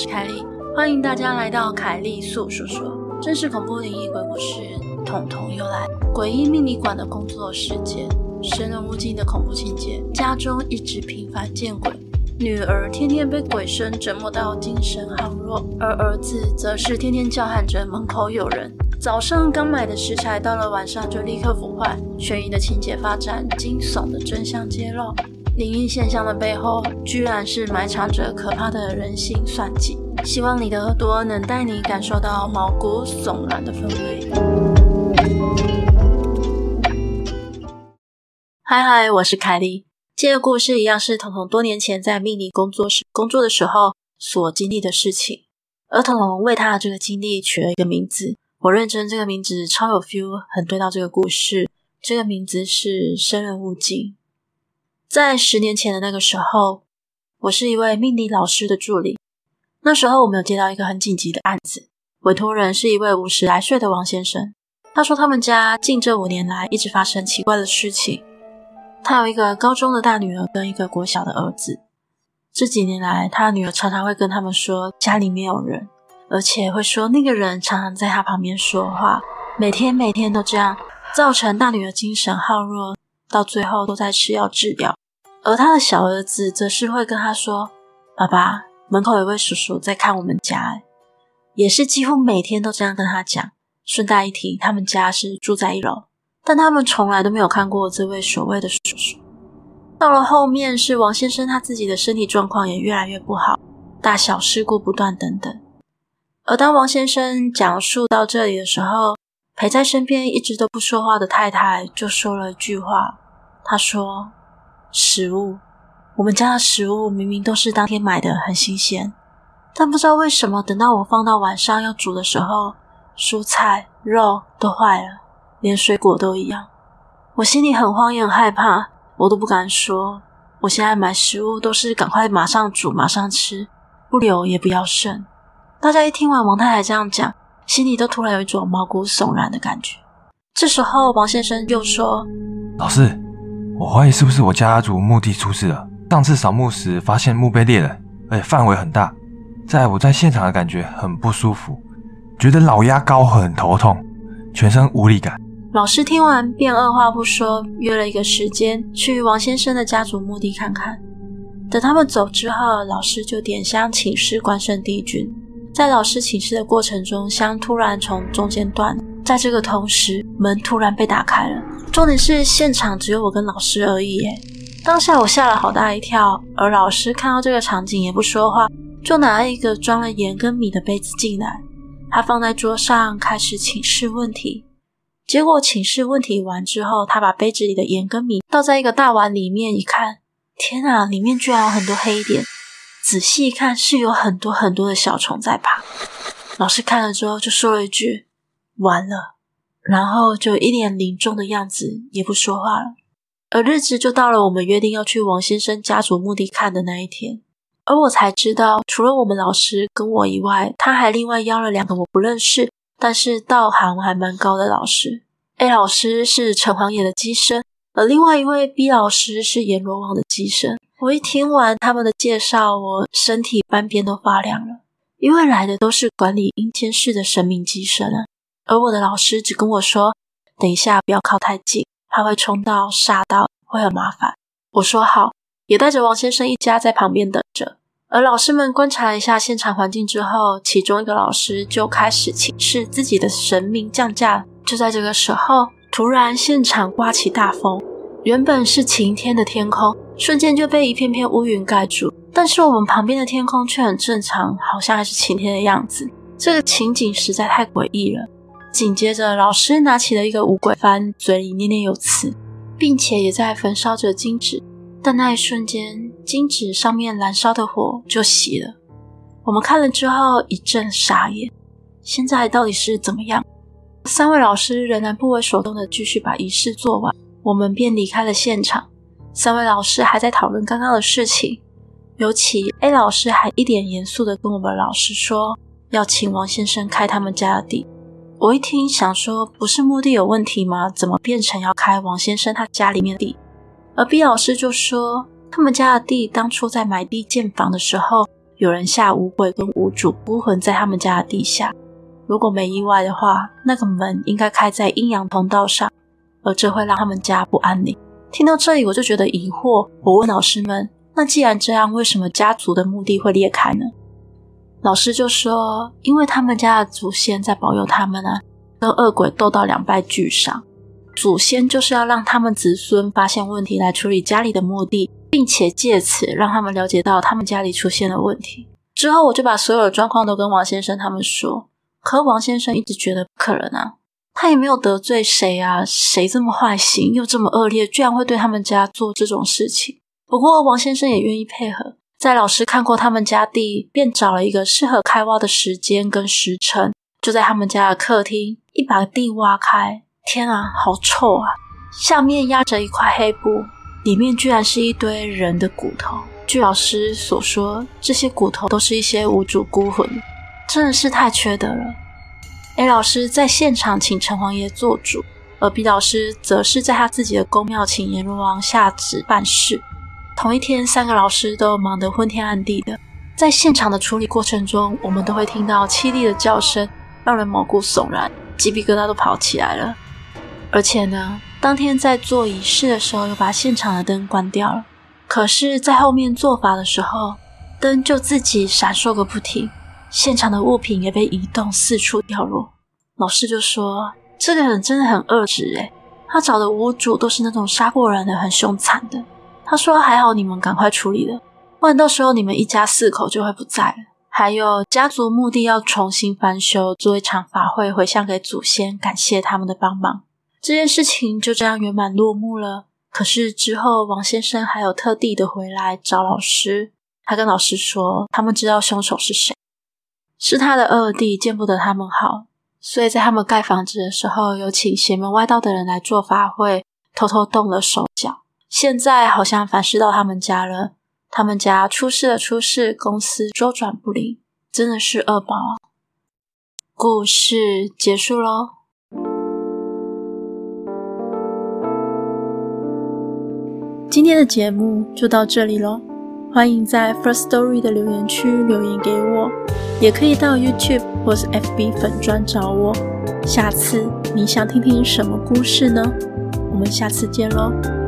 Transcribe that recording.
我是凱莉，歡迎大家來到凱莉粟說說，真實恐怖靈異鬼故事，童童又來，詭異命理館的工作事件，生人勿近的恐怖情節，家中一直頻繁見鬼，女兒天天被鬼聲折磨到精神耗弱，而兒子則是天天叫喊着門口有人，早上剛買的食材到了晚上就立刻腐壞，懸疑的情節發展，驚悚的真相揭露，靈異現象的背後，居然是埋藏着可怕的人性算計。希望你的耳朵能帶你感受到毛骨悚然的氛圍。嗨嗨，我是凱莉。這個故事一樣是童童多年前在命理工作室工作的時候所經歷的事情。而童童為他的這個經歷取了一個名字，我認真這個名字超有 feel，很對到這個故事。這個名字是“生人勿近”。在十年前的那個時候，我是一位命理老師的助理。那時候我們有接到一個很緊急的案子，委託人是一位五十來歲的王先生。他說他們家近這五年來一直發生奇怪的事情。他有一個高中的大女兒跟一個國小的兒子。這幾年來，他的女兒常常會跟他們說家裡沒有人，而且會說那個人常常在他旁邊說話，每天每天都這樣，造成大女兒精神耗弱，到最後都在吃藥治療。而他的小兒子則是會跟他說：“爸爸。”門口有位叔叔在看我們家，也是幾乎每天都這樣跟他講。順帶一提，他們家是住在一樓，但他們從來都沒有看過這位所謂的叔叔。到了後面，是王先生他自己的身體狀況也越來越不好，大小事故不斷等等。而當王先生講述到這裡的時候，陪在身邊一直都不說話的太太就說了一句話，她說：“食物。”我們家的食物明明都是當天買的，很新鮮，但不知道為什麼，等到我放到晚上要煮的時候，蔬菜、肉都壞了，連水果都一樣。我心裡很慌，也很害怕，我都不敢說。我現在買食物都是趕快馬上煮，馬上吃，不留也不要剩。大家一聽完王太太這樣講，心裡都突然有一種毛骨悚然的感覺。這時候，王先生又說：“老師，我懷疑是不是我家族墓地出事了。”上次掃墓時，發現墓碑裂了，而且範圍很大，在我在現場的感覺很不舒服，覺得腦壓高，很頭痛，全身無力感。老師聽完便二話不說，約了一個時間去王先生的家族墓地看看。等他們走之後，老師就點香請示關聖帝君。在老師請示的過程中，香突然從中間斷，在這個同時，門突然被打開了。重點是現場只有我跟老師而已，欸。當下我嚇了好大一跳，而老師看到這個場景也不說話，就拿了一個裝了鹽跟米的杯子進來，他放在桌上開始請示問題。結果請示問題完之後，他把杯子裡的鹽跟米倒在一個大碗裡面，一看，天吶，裡面居然有很多黑點，仔細一看是有很多很多的小蟲在爬。老師看了之後就說了一句：“完了。”然後就一臉凝重的樣子，也不說話了。而日子就到了我們約定要去王先生家族墓地看的那一天，而我才知道，除了我們老師跟我以外，他還另外邀了兩個我不認識，但是道行還蠻高的老師。A 老師是城隍爺的乩身，而另外一位 B 老師是閻羅王的乩身。我一聽完他們的介紹，我身體半邊都發涼了，因為來的都是管理陰間事的神明乩身啊。而我的老師只跟我說：“等一下不要靠太近。”他會沖到煞到，會很麻煩。我說好，也帶着王先生一家在旁邊等着。而老師們觀察了一下現場環境之後，其中一個老師就開始請示自己的神明降駕。就在這個時候，突然現場颳起大風，原本是晴天的天空，瞬間就被一片片烏雲蓋住。但是我們旁邊的天空卻很正常，好像還是晴天的樣子。這個情景實在太詭異了。緊接着，老師拿起了一個五鬼幡，翻嘴裡念念有詞，並且也在焚燒着金紙。但那一瞬間，金紙上面燃燒的火就熄了。我們看了之後一陣傻眼。現在到底是怎麼樣？三位老師仍然不為所動的繼續把儀式做完。我們便離開了現場。三位老師還在討論剛剛的事情，尤其 A 老師還一臉嚴肅的跟我們老師說要請王先生開他們家的地。我一聽想說，不是墓地有問題嗎？怎麼變成要開王先生他家裡面的地？而畢老師就說，他們家的地當初在買地建房的時候，有人下五鬼跟無主孤魂在他們家的地下。如果沒意外的話，那個門應該開在陰陽通道上，而這會讓他們家不安寧。聽到這裡，我就覺得疑惑。我問老師們，那既然這樣，為什麼家族的墓地會裂開呢？老師就說：“因為他們家的祖先在保佑他們呢、啊，跟惡鬼鬥到兩敗俱傷，祖先就是要讓他們子孫發現問題，來處理家裡的墓地，並且借此讓他們了解到他們家裡出現的問題。”之後，我就把所有的狀況都跟王先生他們說，可王先生一直覺得不可能啊，他也沒有得罪誰啊，誰這麼壞心又這麼惡劣，居然會對他們家做這種事情？不過王先生也願意配合。在老師看過他們家地，便找了一個適合開挖的時間跟時辰，就在他們家的客廳，一把地挖開。天啊，好臭啊！下面壓着一塊黑布，裡面居然是一堆人的骨頭。據老師所說，這些骨頭都是一些無主孤魂，真的是太缺德了。A 老師在現場請城隍爺做主，而 B 老師則是在他自己的宮廟請閻羅王下旨辦事。同一天，三個老師都忙得昏天暗地的。在現場的處理過程中，我們都會聽到淒厲的叫聲，讓人毛骨悚然，雞皮疙瘩都跑起來了。而且呢，當天在做儀式的時候，又把現場的燈關掉了。可是，在後面做法的時候，燈就自己閃爍個不停，現場的物品也被移動，四處掉落。老師就說：“這個人真的很惡質，欸，他找的屋主都是那種殺過人的，很凶殘的。”他說：“還好，你們趕快處理了，不然到時候你們一家四口就會不在了。還有，家族墓地要重新翻修，做一場法會，回向給祖先，感謝他們的幫忙。這件事情就這樣圓滿落幕了。可是之後，王先生還有特地的回來找老師，他跟老師說，他們知道凶手是誰，是他的二弟，見不得他們好，所以在他們蓋房子的時候，有請邪門外道的人來做法會，偷偷動了手腳。”現在好像反噬到他們家了，他們家出事了，出事，公司周轉不靈，真的是惡報啊！故事結束嘍，今天的節目就到這裡嘍。歡迎在 First Story 的留言區留言給我，也可以到 YouTube 或是 FB 粉專找我。下次你想聽聽什麼故事呢？我們下次見嘍。